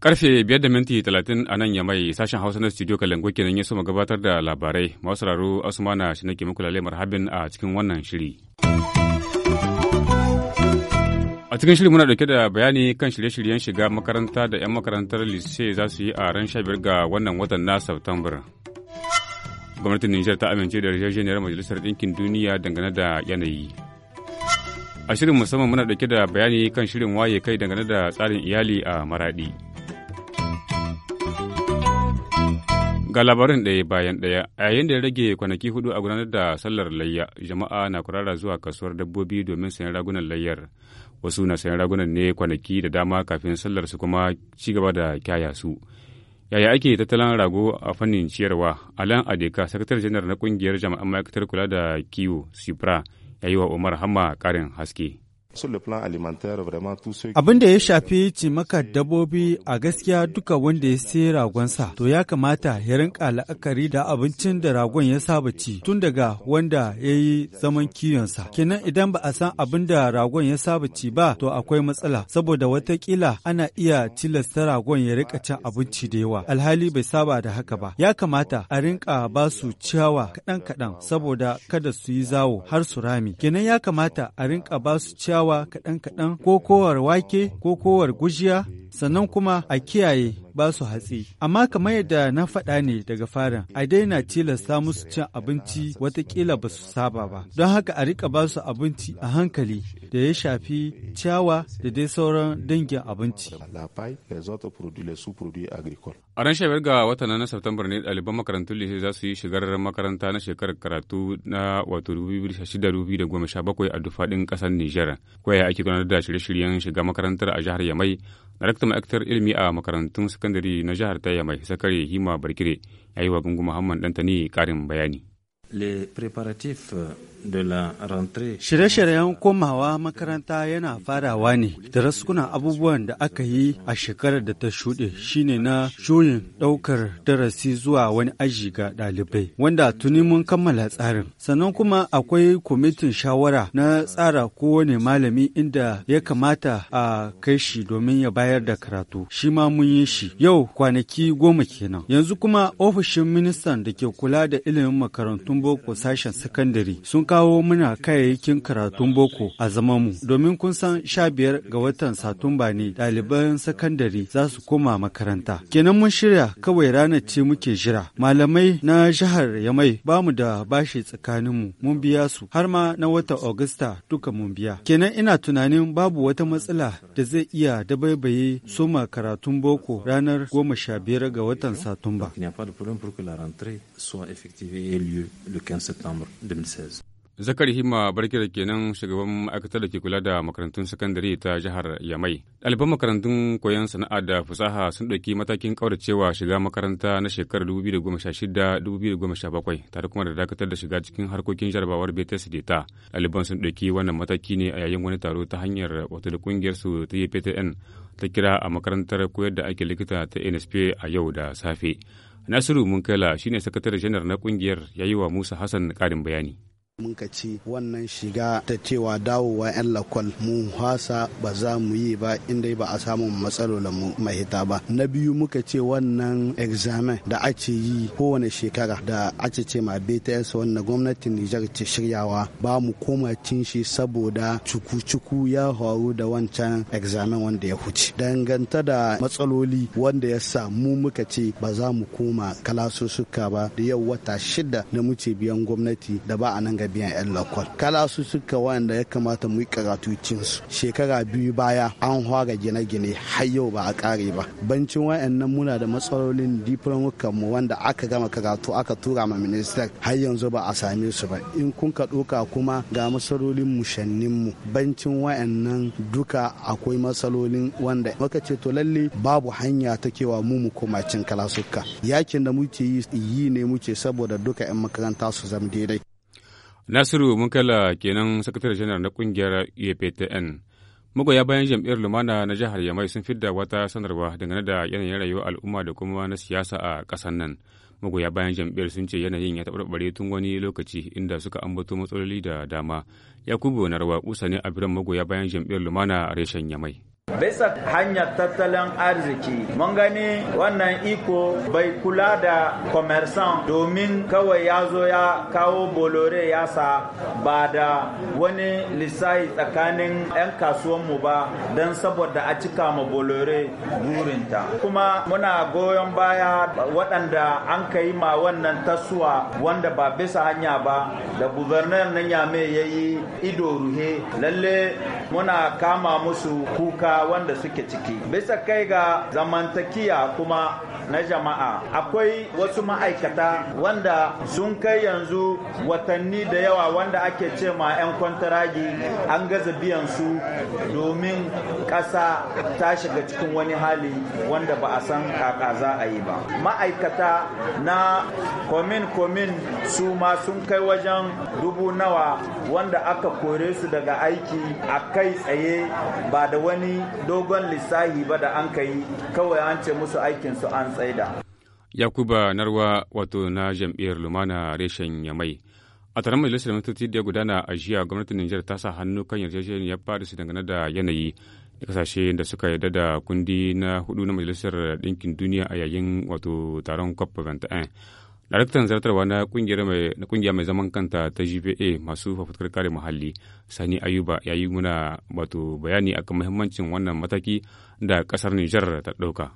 Karfe biyar da minti talatin a nan ya mai sashen Hausa na studio Kalangu kenan ya soma gabatar da labarai. Masu raro Asumana shi nake muku lalemar habin a cikin wannan shiri. A cikin shiri muna dauke da bayani kan shirye-shiryen shiga makaranta da 'yan makarantar lise za su yi a ran 15 ga wannan watan na Satumbar. gwamnatin nijar ta amince da yarjejeniyar majalisar ɗinkin duniya dangane da yanayi a shirin musamman muna ɗauke da bayani kan shirin waye kai dangane da tsarin iyali a maraɗi ga labarin ɗaya bayan ɗaya a yayin da ya rage kwanaki hudu a gudanar da sallar layya jama'a na kurara zuwa kasuwar dabbobi domin sayan ragunan layyar wasu na sayan ragunan ne kwanaki da dama kafin sallar su kuma ci gaba da kyaya su Yaya ake tattalin rago a fannin ciyarwa? Alan Adeka, sakatar janar na kungiyar jama'an ma'aikatar kula da kiwo, Supra, ya yi wa Umar Hamma karin haske. Abin da ya shafi cimakar dabbobi a gaskiya duka wanda ya sai sa, to ya kamata ya rinka la'akari da abincin da ragon ya saba ci tun daga wanda ya yi zaman kiyonsa. Kenan idan ba a san abin da ragon ya saba ci ba to akwai matsala saboda watakila ana iya tilasta ragon ya rika cin abinci da yawa alhali bai saba da haka ba. Ya kamata a rinka ba su ciyawa kaɗan-kaɗan saboda kada su yi zawo har su rami. Kenan ya kamata a rinka ba su ciyawa dawa kaɗan-kaɗan ko kowar wake ko kowar gujiya sannan kuma a kiyaye ba su hatsi. Amma kamar yadda na faɗa ne daga fara, a daina tilasta musu cin abinci watakila ba su saba ba. Don haka a rika ba su abinci a hankali da ya shafi ciyawa da dai sauran dangin abinci. A ran shabiyar ga watan na Satumbar ne ɗaliban makarantun lise za su yi shigar makaranta na shekarar karatu na wato 2016-2017 a dufaɗin ƙasar Nijar. Kwaya ake gudanar da shirye-shiryen shiga makarantar a jihar Yamai daraktan ma'aikatar ilimi a makarantun sakandare na jihar taya mai sakare hima barkire ya yi wa gungun muhammad dantani karin bayani le preparatif Shirye-shiryen komawa makaranta yana farawa ne da raskunan abubuwan da aka yi a shekarar da ta shuɗe shine na juyin ɗaukar darasi zuwa wani aji ga ɗalibai wanda tuni mun kammala tsarin. Sannan kuma akwai kwamitin shawara na tsara kowane malami inda ya kamata a kai shi domin ya bayar da karatu. Shi ma mun yi shi yau kwanaki goma kenan. Yanzu kuma ofishin ministan da ke kula da ilimin makarantun boko sashen sakandare sun kawo muna kayayyakin karatun boko a mu domin kun san sha biyar ga watan satumba ne ɗaliban sakandare za su koma makaranta kenan mun shirya kawai ranar ce muke jira malamai na jihar yamai ba mu da bashi tsakanin mu mun biya su har ma na wata augusta duka mun biya kenan ina tunanin babu wata matsala da zai iya dabaibaye soma karatun boko ranar goma sha biyar ga watan satumba. Zakar Hima Barkira kenan shugaban ma'aikatar da ke kula da makarantun sakandare ta jihar Yamai. Ɗaliban makarantun koyon sana'a da fasaha sun ɗauki matakin ƙauracewa shiga makaranta na shekarar 2016-2017 tare kuma da dakatar da shiga cikin harkokin jarabawar BTS ta Ɗaliban sun ɗauki wannan mataki ne a yayin wani taro ta hanyar wata da ƙungiyar su ta ptn ta kira a makarantar koyar da ake likita ta NSP a yau da safe. Nasiru shi shine sakatare janar na ƙungiyar ya yi wa Musa Hassan ƙarin bayani. mun ka ce wannan shiga ta cewa dawowa 'yan lakwal mu hasa ba za mu yi ba inda ba a samun matsalolin mu mahita ba na biyu muka ce wannan examen da ake yi kowane shekara da ake ce ma bts wannan gwamnatin nijar ce shiryawa ba mu koma cin shi saboda cuku-cuku ya faru da wancan examen wanda ya huce danganta da matsaloli wanda ya samu muka ce ba za mu koma kalasussuka ba da yau wata shida da muke biyan gwamnati da ba a nan gari biyan 'yan lokal kala su suka wanda ya kamata mu yi karatu su shekara biyu baya an fara gine-gine har yau ba a kare ba bancin wayannan muna da matsalolin diplomukan mu wanda aka gama karatu aka tura ma minister har yanzu ba a same su ba in kun ka doka kuma ga matsalolin mushannin mu bancin wayannan duka akwai matsalolin wanda muka ce to lalle babu hanya ta kewa mu mu koma cin kalasuka yakin da muke yi ne muke saboda duka 'yan makaranta su zama daidai Nasiru Munkala kenan sakatare janar na kungiyar UPTN. E magoya bayan jam'iyyar Lumana na jihar Yamai sun fidda wata sanarwa dangane da yanayin rayuwar al'umma da kuma na siyasa a ƙasar nan. Magoya bayan jam'iyyar sun ce yanayin ya taɓarɓare tun wani lokaci inda suka ambato matsaloli da dama. Yakubu Narwa kusa ne a biran magoya bayan jam'iyyar Lumana a reshen Yamai. bisa hanyar tattalin arziki mun gani wannan iko bai kula da commerçant domin kawai ya zo ya kawo bolore ya sa ba da wani lissahi tsakanin 'yan mu ba don saboda a cika ma bolore burinta kuma muna goyon baya waɗanda an ka yi ma wannan tasuwa wanda ba bisa hanya ba da gubernar na yame ya yi ido ruhe lalle muna kama musu kuka wanda suke ciki bisa kai ga zamantakiya kuma na jama'a akwai wasu ma'aikata wanda sun kai yanzu watanni da yawa wanda ake ce ma 'yan kwantaragi an gaza biyan su domin ƙasa ta shiga cikin wani hali wanda ba a san kaka za a yi ba ma'aikata na komin-komin su ma sun kai wajen dubu nawa wanda aka kore su daga aiki a kai tsaye ba da wani dogon lissahi ba da an kai kawai an ce musu aikinsu an tsaida. Yakuba Narwa wato na jam'iyyar Lumana reshen Yamai. A taron majalisar mintoci da ya gudana a jiya gwamnatin Nijar ta sa hannu kan yarjejeniyar su dangane da yanayi da kasashe da suka yarda da kundi na hudu na majalisar ɗinkin duniya a yayin wato taron COP21. Daraktan zartarwa na kungiya mai zaman kanta ta GPA masu fafutukar kare muhalli Sani Ayuba ya yi muna wato bayani akan muhimmancin wannan mataki da kasar Nijar ta ɗauka.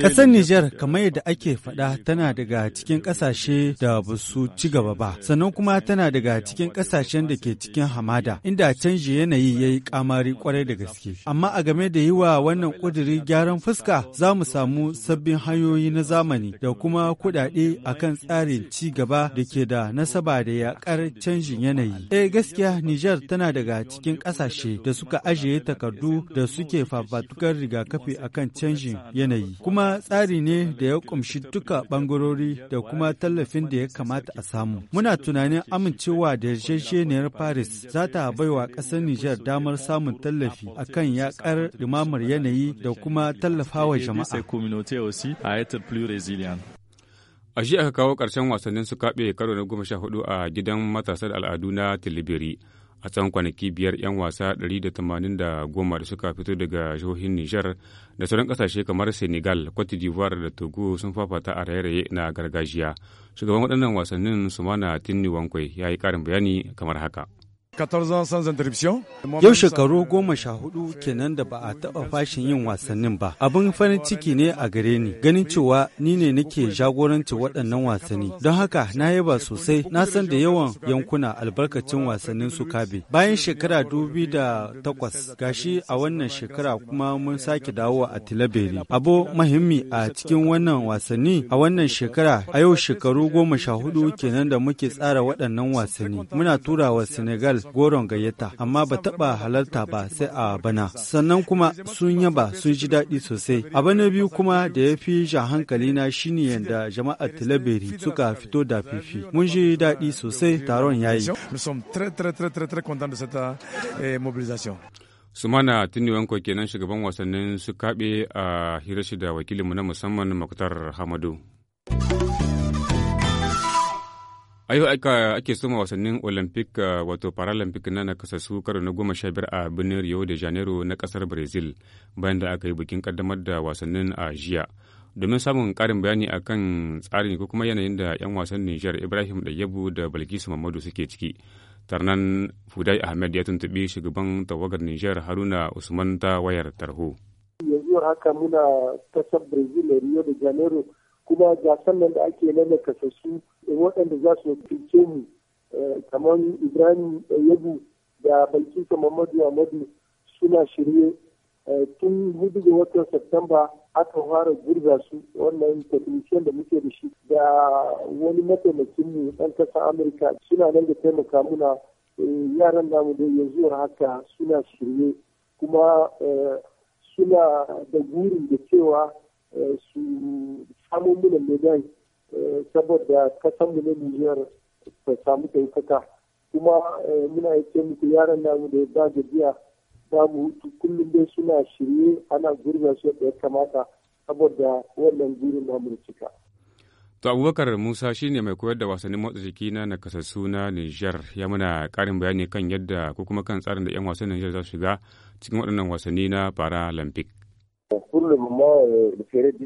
Ƙasar Nijar kamar yadda ake faɗa tana daga cikin ƙasashe da ba su ci gaba ba, sannan kuma tana daga cikin ƙasashen da ke cikin hamada, inda canji yanayi ya yi ƙamari ƙwarai da gaske. Amma a game da yi wa wannan ƙuduri gyaran fuska za mu samu sabbin hanyoyi na zamani da kuma kuɗaɗe a kan tsarin ci gaba da ke da nasaba da yaƙar canjin yanayi. Eh gaskiya Nijar tana daga cikin ƙasashe da suka ajiye takardu da suke fafatukar riga rigakafi akan canjin yanayi kuma tsari ne da ya kumshi duka bangarori da kuma tallafin da ya kamata a samu muna tunanin amincewa da yarjejeniyar paris za ta baiwa ƙasar niger damar samun tallafi akan yakar dumamar yanayi da kuma tallafawa jama'a a shi aka kawo ƙarshen wasannin su kaɓe karo na goma sha hudu a gidan matasa da al'adu na tilibiri a tsawon kwanaki biyar 'yan wasa 180 da goma da suka fito daga jihohin Nijar da sauran kasashe kamar Senegal, Cote d'Ivoire da Togo sun fafata a raye-raye na gargajiya. Shugaban waɗannan wasannin Sumana Tinni Wankwai ya yi ƙarin bayani kamar haka. Yau shekaru goma sha hudu kenan da ba a taɓa fashin yin wasannin ba. Abin farin ciki ne a gare ni, ganin cewa ni ne nake jagoranci waɗannan wasanni. Don haka na yaba sosai, na san da yawan yankuna albarkacin wasannin su kabe. Bayan shekara dubi da takwas, gashi a wannan shekara kuma mun sake dawowa a Tilabere. Abu mahimmi a cikin wannan wasanni a wannan shekara a yau shekaru goma sha hudu kenan da muke tsara waɗannan wasanni. Muna tura wa Senegal goron gayyata amma ba taba halarta ba sai a bana sannan kuma sun yaba sun ji daɗi sosai abu na biyu kuma da ya fi sha hankali na shine yadda jama'ar tilaberi suka fito da fifi mun ji daɗi sosai taron yayi eh, sumana wanko kenan shugaban wasannin su kaɓe a hirashi da wakilinmu na musamman muktar hamadu a yau ake soma wasannin olympic eh, wato paralympic na nakasassu karo na goma sha biyar a birnin rio de janeiro na kasar brazil bayan da aka yi bikin kaddamar da wasannin a jiya domin samun karin bayani akan tsarin ko kuma yanayin da 'yan wasan nijar ibrahim yabu da bilkisu mamadu suke ciki tarnan fudai ahmed ya tuntuɓi shugaban tawagar nijar haruna usman ta wayar tarho yanzu haka muna tashar brazil rio de janeiro kuma gasar nan da ake nana nakasassu waɗanda za su fice mu eh, kamar ibrahim yabu da balki Muhammadu amadu suna shirye eh, tun hudu ga watan Satamba aka fara gurza su wannan technician da muke da shi da wani mataimakin mu ɗan ƙasar Amurka suna nan da taimaka muna eh, yaran namu da yanzu haka suna shirye kuma suna da gurin da cewa su samun mana medal eh, saboda mu na Nijar ta samu ɗaukaka kuma eh, muna ce muku yaran namu da ba gajiya babu kullum dai suna shirye ana gurbin su da ya kamata saboda wannan gurin namu cika. To Abubakar Musa shine mai koyar da wasannin motsa jiki na nakasassu na Nijar ya muna ƙarin bayani kan yadda ko kuma kan tsarin da 'yan wasan Nijar za su shiga cikin waɗannan wasanni na Paralympic.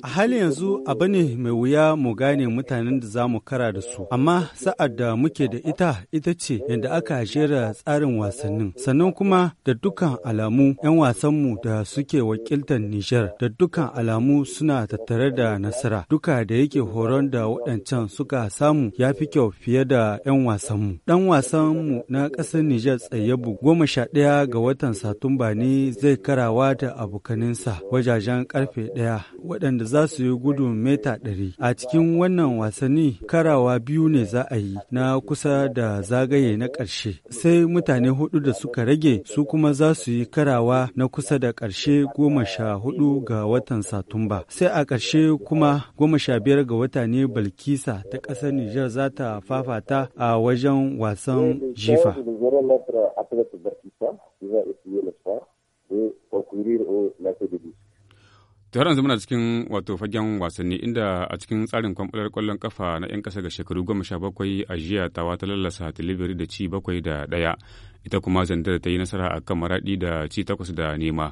A hali yanzu abu ne mai wuya mu gane mutanen da za mu kara da su, amma sa'ad da muke da ita ita ce yadda aka jera tsarin wasannin, sannan kuma da dukkan alamu 'yan wasanmu da suke wakiltar Nijar da dukkan alamu suna tattare da nasara, duka da yake horon da waɗancan suka samu ya fi kyau fiye da 'yan wasanmu. Ɗan wasanmu na ƙasar Nijar Tsayyabu goma sha ɗaya ga watan Satumba ne zai karawa da abokaninsa wajen gidajen karfe ɗaya waɗanda za su yi gudun meta ɗari. A cikin wannan wasanni karawa biyu ne za a yi na kusa da zagaye na ƙarshe. Sai mutane hudu da suka rage su kuma za su yi karawa na kusa da ƙarshe goma sha hudu ga watan Satumba. Sai a ƙarshe kuma goma sha biyar ga wata ne Balkisa ta ƙasar Nijar za ta fafata a wajen wasan jifa. de har yanzu muna cikin wato fagen wasanni inda a cikin tsarin kwamfular kwallon kafa na 'yan kasa ga shekaru goma sha bakwai a jiya tawa ta lallasa tilibiri da ci bakwai da daya ita kuma zandar ta yi nasara a kan maraɗi da ci takwas da nema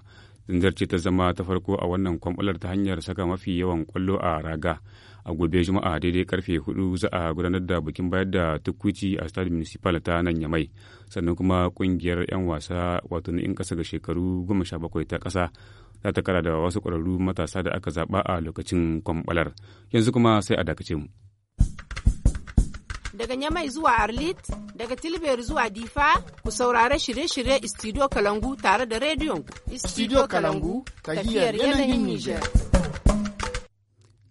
zinzar ce ta zama ta farko a wannan kwamɓalar ta hanyar saka mafi yawan kwallo a raga. A gobe Juma'a daidai karfe hudu za a gudanar da bikin bayar da tukuci a Stade Municipal ta nan Yamai. Sannan kuma kungiyar 'yan wasa wato na in kasa ga shekaru goma sha bakwai ta kasa za ta kara da wasu kwararru matasa da aka zaɓa a lokacin kwamɓalar. Yanzu kuma sai a dakace mu. daga Nyamai zuwa Arlit, daga Tilber zuwa Difa, ku saurare shirye-shirye Studio Kalangu tare da rediyon Studio Kalangu, tafiyar yanayin Nijar.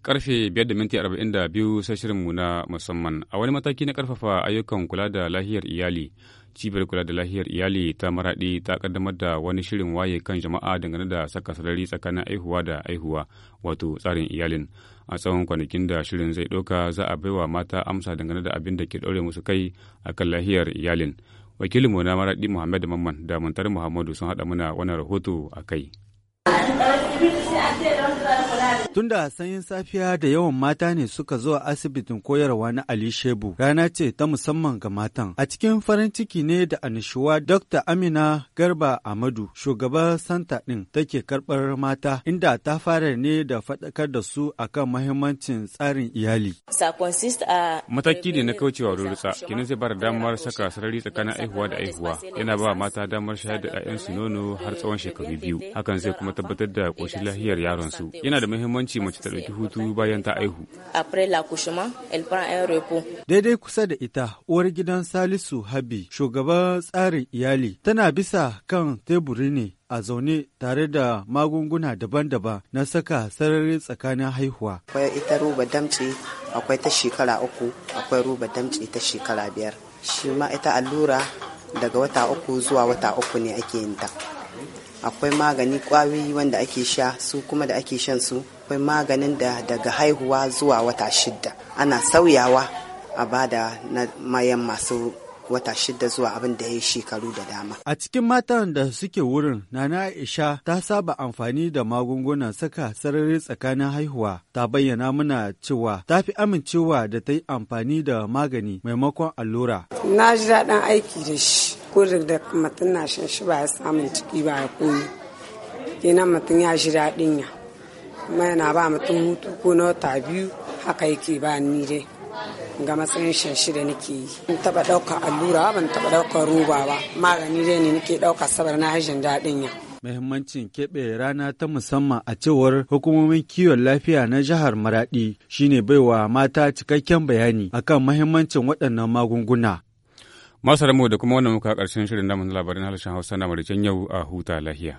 Karfe 5:42 sai shirinmu na musamman a wani mataki na karfafa ayyukan kula da lahiyar iyali. cibiyar kula da lahiyar iyali ta maraɗi ta kaddamar da wani shirin waye kan jama'a dangane da saka sarari tsakanin aihuwa da aihuwa wato tsarin iyalin a tsawon kwanakin da shirin zai ɗauka za a baiwa mata amsa dangane da abin da ke ɗaure musu kai akan lahiyar iyalin wakilinmu na maraɗi muhammadu mamman da muntar muhammadu sun haɗa mana wannan rahoto a kai Tunda sanyin safiya da yawan mata ne suka zo asibitin koyarwa na Ali Shebu, rana ce ta musamman ga matan. A cikin farin ciki ne da anishuwa Dr. Amina Garba Amadu, Shugaba Santa ɗin take karɓar mata, inda ta fara ne da faɗakar da su akan mahimmancin tsarin iyali. Mataki ne na kaucewa rurutsa, kini zai bar damar saka sarari tsakanin aihuwa da aihuwa, yana ba mata damar shayar da 'ya'yansu nono har tsawon shekaru biyu, hakan zai kuma tabbatar da ƙoshin lafiyar yaronsu. Yana da muhimmanci muhimmanci mace ta ɗauki hutu bayan ta aihu. Daidai kusa da ita, uwar gidan Salisu Habi, shugaban tsarin iyali, tana bisa kan teburi ne a zaune tare da magunguna daban-daban na saka sarari tsakanin haihuwa. Akwai ita ruba damce, akwai ta shekara uku, akwai ruba damce ta shekara biyar. Shi ma ita allura daga wata uku zuwa wata uku ne ake yin ta. Akwai magani kwayoyi wanda ake sha su kuma da ake shan su akwai maganin da daga haihuwa zuwa wata shida ana sauyawa a bada na mayan masu wata shida zuwa abin da ya yi shekaru da dama. A cikin matan da suke wurin, Nana Aisha ta saba amfani da magungunan saka sarari tsakanin haihuwa. Ta bayyana mana cewa ta fi amincewa da ta yi amfani da magani maimakon allura. Na ji daɗin aiki da shi, ko da mutum na shan shi ba ya samun ciki ba ya koyi. Kenan mutum ya ji daɗin ya. kuma yana ba mutum hutu ko na wata biyu haka yake ba ni dai ga matsayin shanshi da nake yi in taba daukar allura ban taba daukar roba ba magani dai ne nake ɗauka sabar na hajjin daɗin ya mahimmancin keɓe rana ta musamman a cewar hukumomin kiwon lafiya na jihar Maraɗi shine baiwa mata cikakken bayani akan mahimmancin waɗannan magunguna. Masu da kuma wannan muka ƙarshen shirin namun labarin harshen Hausa na Maricen yau a huta lahiya.